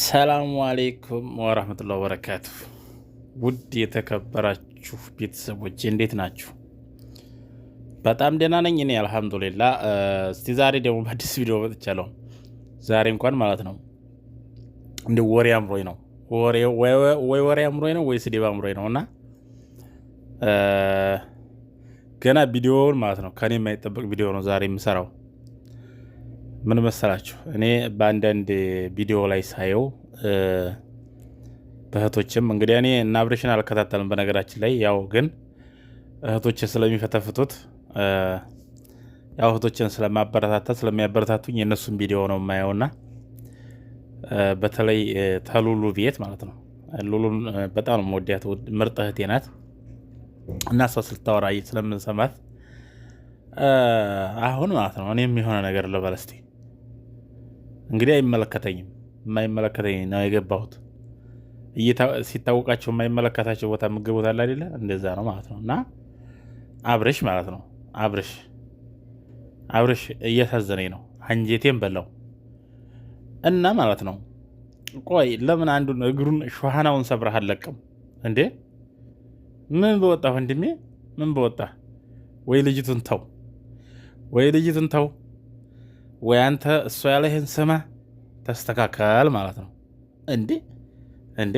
ሰላሙ አሌይኩም ወረህመቱላህ ወበረካቱ። ውድ የተከበራችሁ ቤተሰቦች እንዴት ናችሁ? በጣም ደህና ነኝ እኔ አልሐምዱሊላ። እስቲ ዛሬ ደግሞ በአዲስ ቪዲዮ መጥቻለሁ። ዛሬ እንኳን ማለት ነው እንደ ወሬ አምሮኝ ነው ወይ ወሬ አምሮኝ ነው ወይ ስድብ አምሮኝ ነው እና ገና ቪዲዮውን ማለት ነው ከኔ የማይጠበቅ ቪዲዮ ነው ዛሬ የምሰራው ምን መሰላችሁ፣ እኔ በአንዳንድ ቪዲዮ ላይ ሳየው በእህቶችም እንግዲህ እኔ እና አብሬሽን አልከታተልም። በነገራችን ላይ ያው ግን እህቶች ስለሚፈተፍቱት ያው እህቶችን ስለማበረታታ ስለሚያበረታቱኝ የእነሱን ቪዲዮ ነው የማየውና በተለይ ተሉሉ ቤት ማለት ነው። ሉሉን በጣም ነው የምወዳት፣ ምርጥ እህቴ ናት እና እሷ ስልታወራ ስለምንሰማት አሁን ማለት ነው እኔም የሆነ ነገር ልበል እንግዲህ አይመለከተኝም። የማይመለከተኝ ነው የገባሁት። ሲታወቃቸው የማይመለከታቸው ቦታ ምግብ ቦታ አለ አይደለ? እንደዛ ነው ማለት ነው። እና አብርሽ ማለት ነው አብርሽ አብርሽ እያሳዘነኝ ነው፣ አንጀቴን በላው እና ማለት ነው። ቆይ ለምን አንዱን እግሩን ሸሃናውን ሰብረህ አለቅም እንዴ? ምን በወጣ ወንድሜ፣ ምን በወጣ ወይ ልጅቱን ተው፣ ወይ ልጅቱን ተው። ወይ አንተ እሱ ያለህን ስማ ተስተካከል ማለት ነው። እንዴ እንዴ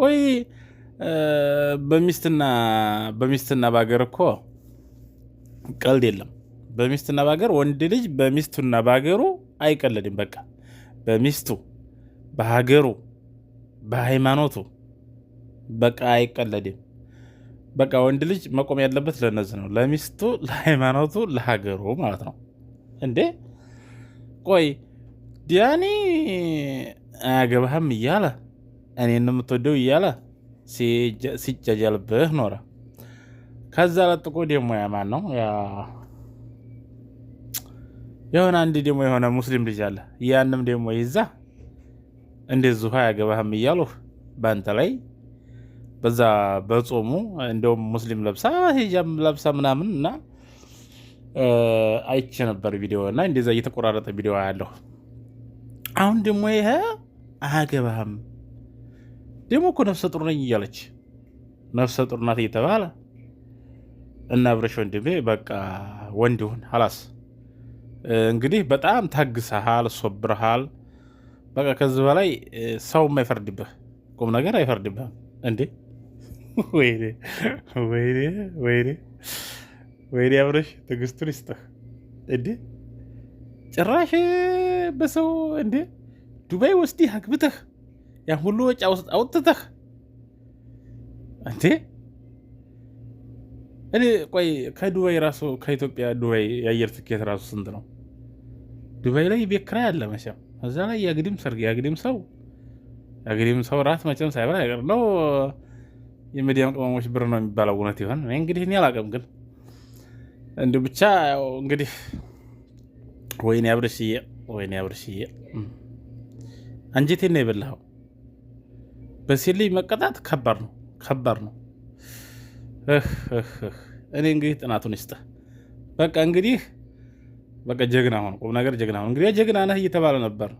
ቆይ በሚስትና በሚስትና በሀገር እኮ ቀልድ የለም። በሚስትና በሀገር ወንድ ልጅ በሚስቱና በሀገሩ አይቀለድም። በቃ በሚስቱ በሀገሩ በሃይማኖቱ በቃ አይቀለድም። በቃ ወንድ ልጅ መቆም ያለበት ለነዚህ ነው፣ ለሚስቱ፣ ለሃይማኖቱ፣ ለሀገሩ ማለት ነው እንዴ ቆይ ዲያኒ አያገባህም እያለ እኔ ነው የምትወደው እያለ ሲጃጃልብህ ኖረ። ከዛ ለጥቆ ደግሞ ያ ነው የሆነ አንድ ደግሞ የሆነ ሙስሊም ልጅ አለ። ያንም ደግሞ ይዛ እንደዚሁ አያገባህም እያሉ በአንተ ላይ በዛ በጾሙ እንደውም ሙስሊም ለብሳ ሂጃብ ለብሳ ምናምን እና አይቼ ነበር ቪዲዮ እና እንደዛ እየተቆራረጠ ቪዲዮ ያለሁ። አሁን ደግሞ ይሄ አያገባህም ደግሞ እኮ ነፍሰ ጡር ነኝ እያለች ነፍሰ ጡር ናት እየተባለ እና አብረሽ ወንድሜ በቃ ወንድ ሁን ሀላስ እንግዲህ በጣም ታግሰሃል፣ ሶብረሃል። በቃ ከዚህ በላይ ሰውም አይፈርድብህ፣ ቁም ነገር አይፈርድብህም። እንዴ ወይኔ ወይኔ ወይኔ ወይኔ አብረሽ ትዕግስቱን ይስጥህ። እንዴ ጭራሽ በሰው እንዴ ዱባይ ወስዲህ አግብተህ ያ ሁሉ ወጪ አውጥተህ እንዴ እኔ ቆይ ከዱባይ ራሱ ከኢትዮጵያ ዱባይ የአየር ትኬት ራሱ ስንት ነው? ዱባይ ላይ ቤት ኪራይ አለ መቼም፣ እዛ ላይ የግድም ሰርግ የግድም ሰው የግድም ሰው ራት መቼም ሳይበላ አይቀር ነው። የሚዲያም ቅመሞች ብር ነው የሚባለው እውነት ይሆን? እኔ እንግዲህ እኔ አላውቅም ግን እንዲ ብቻ ያው እንግዲህ ወይኔ አብርሽዬ፣ ወይኔ አብርሽዬ አንጀቴን ነው የበላኸው። በሴሊ መቀጣት ከባድ ነው፣ ከባድ ነው። እኔ እንግዲህ ጥናቱን ይስጥህ። በቃ እንግዲህ በቃ ጀግና ሆን፣ ቁም ነገር ጀግና ሆን። እንግዲህ ጀግና ነህ እየተባለ ነበር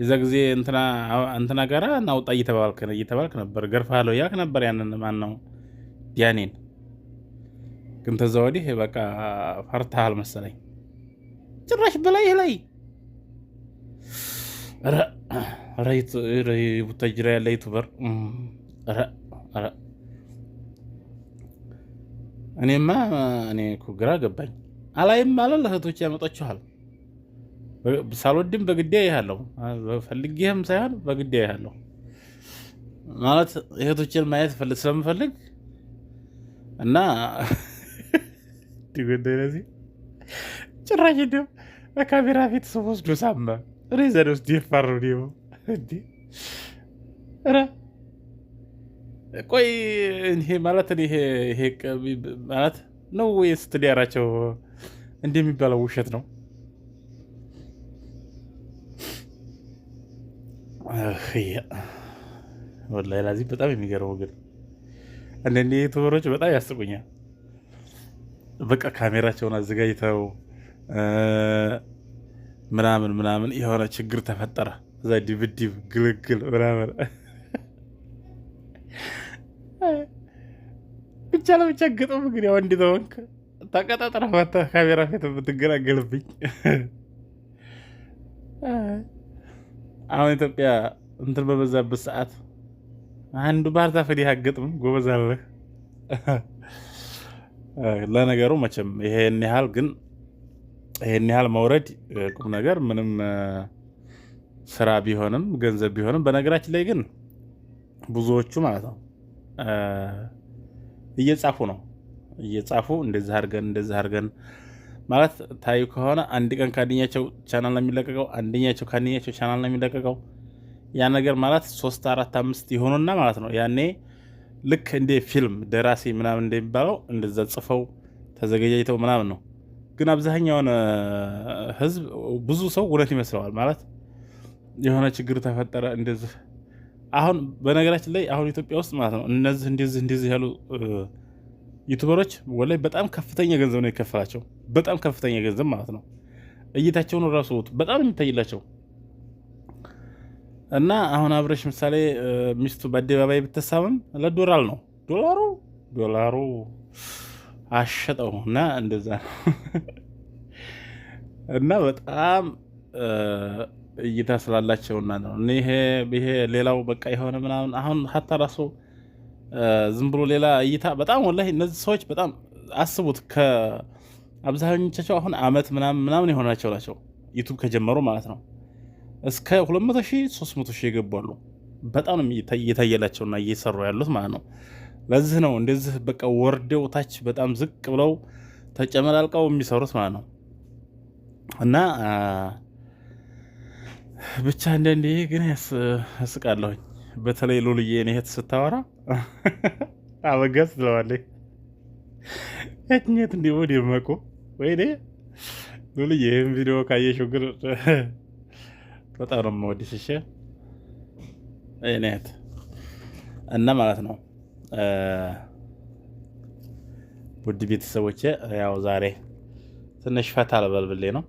የዛ ጊዜ እንትና ጋራ እናውጣ እየተባልክ ነበር፣ ገርፋለሁ ያልክ ነበር። ያንን ማን ነው ያኔን ግን ተዛ ወዲህ በቃ ፈርተሃል መሰለኝ። ጭራሽ በላይህ ላይ ቡታጅራ ያለ ዩቱበር እኔማ እኔ እኮ ግራ ገባኝ። አላይም አለ ለእህቶች ያመጣችኋል። ሳልወድም በግዴ ይሃለሁ፣ ፈልጌህም ሳይሆን በግዴ ይሃለሁ ማለት እህቶችን ማየት ስለምፈልግ እና ሴቲንግ እንደዚህ ጭራሽ እንደው በካሜራ ፊት ሰው ወስዶ ሳማ እኔ ውስጥ ደፋር ነው ደግሞ ቆይ ይሄ ማለት ይሄ ይሄ ማለት ነው ወይስ ትዳራቸው እንደሚባለው ውሸት ነው? ወላሂ ላዚ በጣም የሚገርመው ግን እንደኔ ተወሮች በጣም ያስቁኛል። በቃ ካሜራቸውን አዘጋጅተው ምናምን ምናምን የሆነ ችግር ተፈጠረ። እዛ ድብድብ ግልግል ምናምን ብቻ ለብቻ ግጥም ግን ያው እንዲተወንክ ተቀጣጥረ ካሜራ ፊት የምትገላገልብኝ አሁን ኢትዮጵያ እንትን በበዛበት ሰዓት አንዱ ባህር ዛፍ እንዲህ አትገጥምም። ለነገሩ መቼም ይሄን ያህል ግን ይሄን ያህል መውረድ ቁም ነገር ምንም ስራ ቢሆንም ገንዘብ ቢሆንም፣ በነገራችን ላይ ግን ብዙዎቹ ማለት ነው እየጻፉ ነው እየጻፉ እንደዚህ አድርገን እንደዚህ አድርገን ማለት ታዩ ከሆነ አንድ ቀን ከአንደኛቸው ቻናል ነው የሚለቀቀው፣ አንደኛቸው ከአንደኛቸው ቻናል ነው የሚለቀቀው። ያ ነገር ማለት ሶስት አራት አምስት የሆኑና ማለት ነው ያኔ ልክ እንደ ፊልም ደራሲ ምናምን እንደሚባለው እንደዛ ጽፈው ተዘገጃጅተው ምናምን ነው። ግን አብዛኛውን ህዝብ ብዙ ሰው እውነት ይመስለዋል። ማለት የሆነ ችግር ተፈጠረ እንደዚህ አሁን በነገራችን ላይ አሁን ኢትዮጵያ ውስጥ ማለት ነው እነዚህ እንደዚህ እንደዚህ ያሉ ዩቱበሮች ወላይ በጣም ከፍተኛ ገንዘብ ነው የከፈላቸው። በጣም ከፍተኛ ገንዘብ ማለት ነው። እይታቸውን ራሱ በጣም የሚታይላቸው እና አሁን አብረሽ ምሳሌ ሚስቱ በአደባባይ ብትሳምም ለዶላር ነው ዶላሩ ዶላሩ አሸጠው እና እንደዛ ነው። እና በጣም እይታ እና ነው ይሄ ይሄ ሌላው በቃ የሆነ ምናምን አሁን ሀታ ራሱ ዝም ብሎ ሌላ እይታ በጣም ወላሂ እነዚህ ሰዎች በጣም አስቡት። ከአብዛኞቻቸው አሁን አመት ምናምን ምናምን የሆናቸው ናቸው ዩቱብ ከጀመሩ ማለት ነው እስከ 200ሺህ የገባሉ። በጣም እየታየላቸውና እየሰሩ ያሉት ማለት ነው። ለዚህ ነው እንደዚህ በቃ ወርደው ታች በጣም ዝቅ ብለው ተጨመላልቀው የሚሰሩት ማለት ነው። እና ብቻ አንዳንዴ ግን ያስቃለሁኝ። በተለይ ሉልዬ እኔ ስታወራ አበጋዝ ትለዋለች። የትኛት እንዲሆን የመቁ ወይ ሉልዬ ይህም ቪዲዮ ካየሽው ግን በጣም ነው የምወድሽ። እሺ እኔት እና ማለት ነው ውድ ቤተሰቦቼ፣ ያው ዛሬ ትንሽ ፈታ ልበልብሌ ነው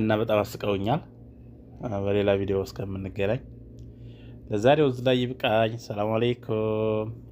እና በጣም አስቀውኛል። በሌላ ቪዲዮ እስከምንገናኝ ለዛሬው እዚህ ላይ ይብቃኝ። ሰላም አለይኩም።